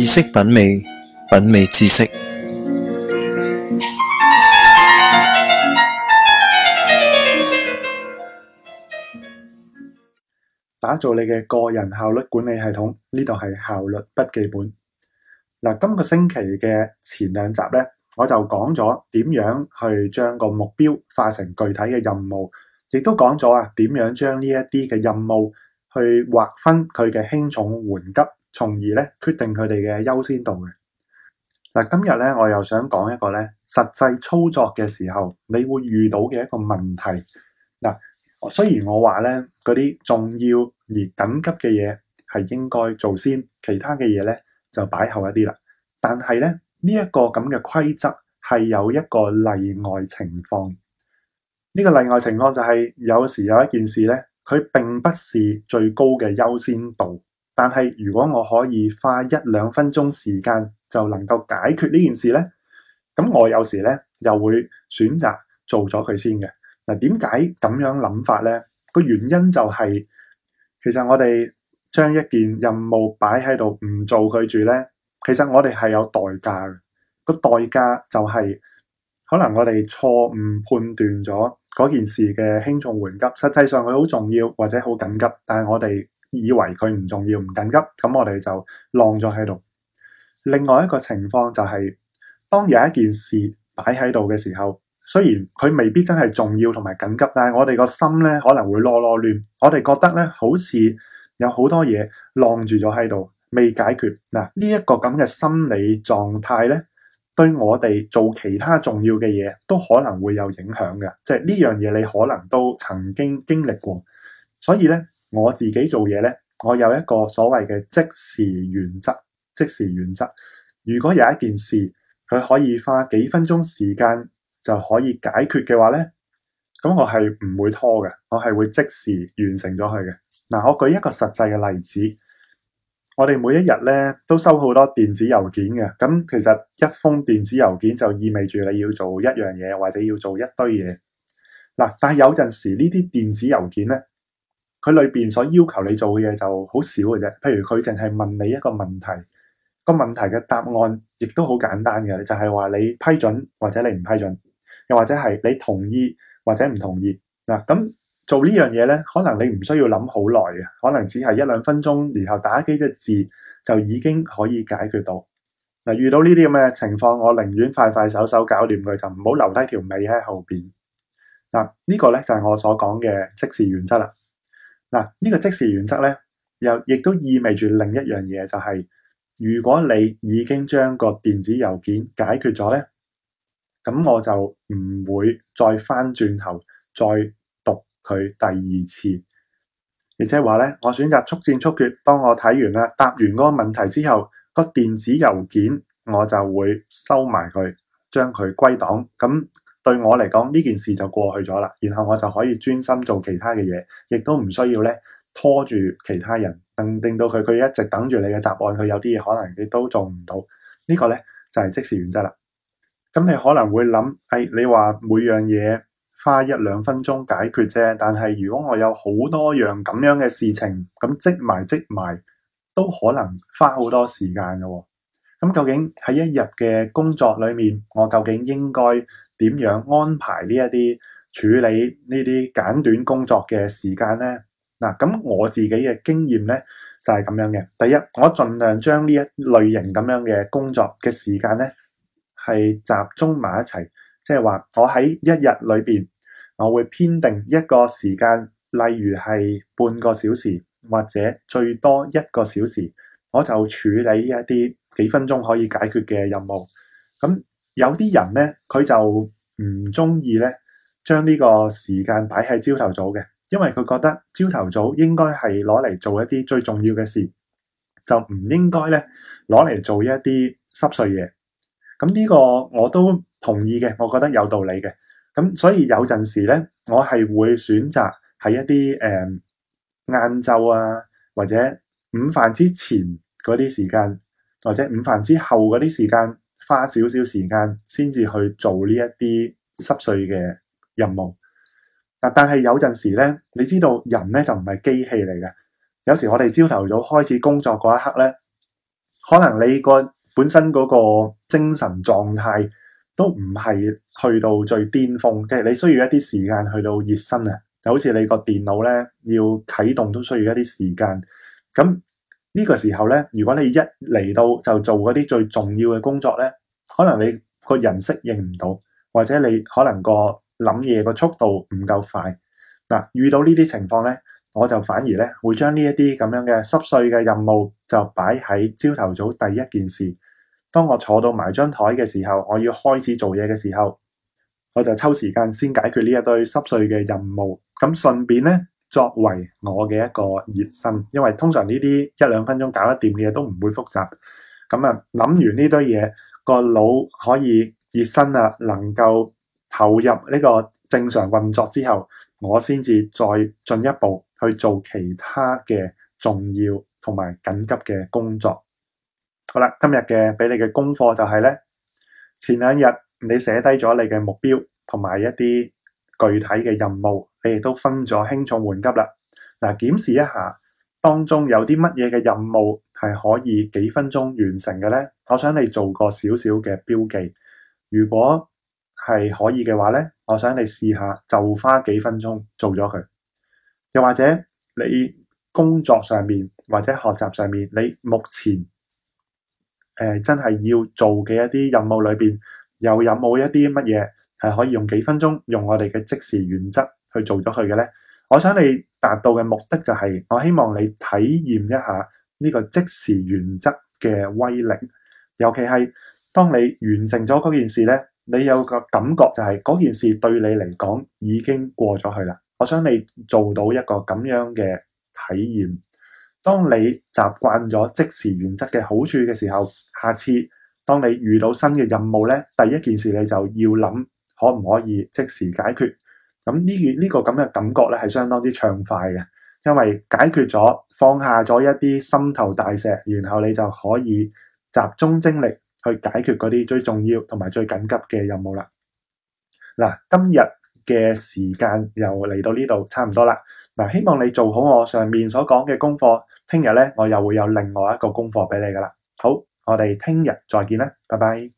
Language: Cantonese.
知識品味，品味知識，打造你嘅個人效率管理系統。呢度係效率筆記本。嗱，今個星期嘅前兩集呢，我就講咗點樣去將個目標化成具體嘅任務，亦都講咗啊點樣將呢一啲嘅任務去劃分佢嘅輕重緩急。從而咧決定佢哋嘅優先度嘅。嗱，今日咧我又想講一個咧實際操作嘅時候你會遇到嘅一個問題嗱，雖然我話咧嗰啲重要而緊急嘅嘢係應該做先，其他嘅嘢咧就擺後一啲啦，但係咧呢一個咁嘅規則係有一個例外情況，呢個例外情況就係有時有一件事咧佢並不是最高嘅優先度。但係，如果我可以花一兩分鐘時間，就能夠解決呢件事呢，咁我有時呢又會選擇做咗佢先嘅。嗱，點解咁樣諗法呢？個原因就係其實我哋將一件任務擺喺度唔做佢住呢，其實我哋係有代價嘅。個代價就係可能我哋錯誤判斷咗嗰件事嘅輕重緩急，實際上佢好重要或者好緊急，但係我哋，以為佢唔重要、唔緊急，咁我哋就晾咗喺度。另外一個情況就係，當有一件事擺喺度嘅時候，雖然佢未必真係重要同埋緊急，但係我哋個心咧可能會囉囉亂。我哋覺得咧，好似有好多嘢晾住咗喺度未解決。嗱，呢一個咁嘅心理狀態咧，對我哋做其他重要嘅嘢都可能會有影響嘅。即係呢樣嘢，你可能都曾經經歷過，所以咧。我自己做嘢咧，我有一個所謂嘅即時原則。即時原則，如果有一件事佢可以花幾分鐘時間就可以解決嘅話咧，咁我係唔會拖嘅，我係會即時完成咗佢嘅。嗱，我舉一個實際嘅例子，我哋每一日咧都收好多電子郵件嘅。咁其實一封電子郵件就意味住你要做一樣嘢或者要做一堆嘢。嗱，但係有陣時呢啲電子郵件咧。佢裏邊所要求你做嘅嘢就好少嘅啫，譬如佢淨係問你一個問題，個問題嘅答案亦都好簡單嘅，就係話你批准或者你唔批准，又或者係你同意或者唔同意嗱。咁做呢樣嘢咧，可能你唔需要諗好耐嘅，可能只係一兩分鐘，然後打幾隻字就已經可以解決到嗱。遇到呢啲咁嘅情況，我寧願快快手手搞掂佢，就唔好留低條尾喺後邊嗱。呢個咧就係我所講嘅即時原則啦。嗱，呢個即時原則咧，又亦都意味住另一樣嘢，就是，就係如果你已經將個電子郵件解決咗咧，咁我就唔會再翻轉頭再讀佢第二次。亦即係話咧，我選擇速戰速決。當我睇完啦，答完嗰個問題之後，個電子郵件我就會收埋佢，將佢歸檔。咁。對我嚟講，呢件事就過去咗啦，然後我就可以專心做其他嘅嘢，亦都唔需要咧拖住其他人，能定到佢佢一直等住你嘅答案，佢有啲嘢可能你都做唔到。這個、呢個咧就係、是、即時原則啦。咁、嗯、你可能會諗，誒、哎、你話每樣嘢花一兩分鐘解決啫，但係如果我有好多樣咁樣嘅事情，咁積埋積埋都可能花好多時間嘅喎。咁、嗯、究竟喺一日嘅工作裏面，我究竟應該點樣安排呢一啲處理呢啲簡短工作嘅時間呢？嗱，咁我自己嘅經驗呢就係咁樣嘅。第一，我盡量將呢一類型咁樣嘅工作嘅時間呢係集中埋一齊，即係話我喺一日裏邊，我會編定一個時間，例如係半個小時或者最多一個小時，我就處理一啲幾分鐘可以解決嘅任務，咁。有啲人咧，佢就唔中意咧，將呢個時間擺喺朝頭早嘅，因為佢覺得朝頭早應該係攞嚟做一啲最重要嘅事，就唔應該咧攞嚟做一啲濕碎嘢。咁呢個我都同意嘅，我覺得有道理嘅。咁所以有陣時咧，我係會選擇喺一啲誒晏晝啊，或者午飯之前嗰啲時間，或者午飯之後嗰啲時間。花少少時間先至去做呢一啲濕碎嘅任務。啊、但係有陣時咧，你知道人咧就唔係機器嚟嘅。有時我哋朝頭早開始工作嗰一刻咧，可能你個本身嗰個精神狀態都唔係去到最巔峰，即、就、係、是、你需要一啲時間去到熱身啊。就好似你個電腦咧要啟動都需要一啲時間咁。呢個時候咧，如果你一嚟到就做嗰啲最重要嘅工作咧，可能你個人適應唔到，或者你可能個諗嘢，個速度唔夠快。嗱，遇到呢啲情況咧，我就反而咧會將呢一啲咁樣嘅濕碎嘅任務就擺喺朝頭早第一件事。當我坐到埋張台嘅時候，我要開始做嘢嘅時候，我就抽時間先解決呢一堆濕碎嘅任務，咁順便咧。作為我嘅一個熱身，因為通常呢啲一兩分鐘搞得掂嘅嘢，都唔會複雜。咁啊，諗完呢堆嘢，個腦可以熱身啊，能夠投入呢個正常運作之後，我先至再進一步去做其他嘅重要同埋緊急嘅工作。好啦，今日嘅俾你嘅功課就係呢：前兩日你寫低咗你嘅目標同埋一啲。具體嘅任務，你哋都分咗輕重緩急啦。嗱、啊，檢視一下當中有啲乜嘢嘅任務係可以幾分鐘完成嘅呢？我想你做個少少嘅標記。如果係可以嘅話呢，我想你試下就花幾分鐘做咗佢。又或者你工作上面或者學習上面，你目前誒、呃、真係要做嘅一啲任務裏邊，又有冇一啲乜嘢？係可以用幾分鐘，用我哋嘅即時原則去做咗佢嘅咧。我想你達到嘅目的就係，我希望你體驗一下呢個即時原則嘅威力。尤其係當你完成咗嗰件事咧，你有個感覺就係嗰件事對你嚟講已經過咗去啦。我想你做到一個咁樣嘅體驗。當你習慣咗即時原則嘅好處嘅時候，下次當你遇到新嘅任務咧，第一件事你就要諗。可唔可以即時解決？咁呢呢個咁嘅感覺咧，係相當之暢快嘅，因為解決咗，放下咗一啲心頭大石，然後你就可以集中精力去解決嗰啲最重要同埋最緊急嘅任務啦。嗱，今日嘅時間又嚟到呢度差唔多啦。嗱，希望你做好我上面所講嘅功課，聽日咧我又會有另外一個功課俾你噶啦。好，我哋聽日再見啦，拜拜。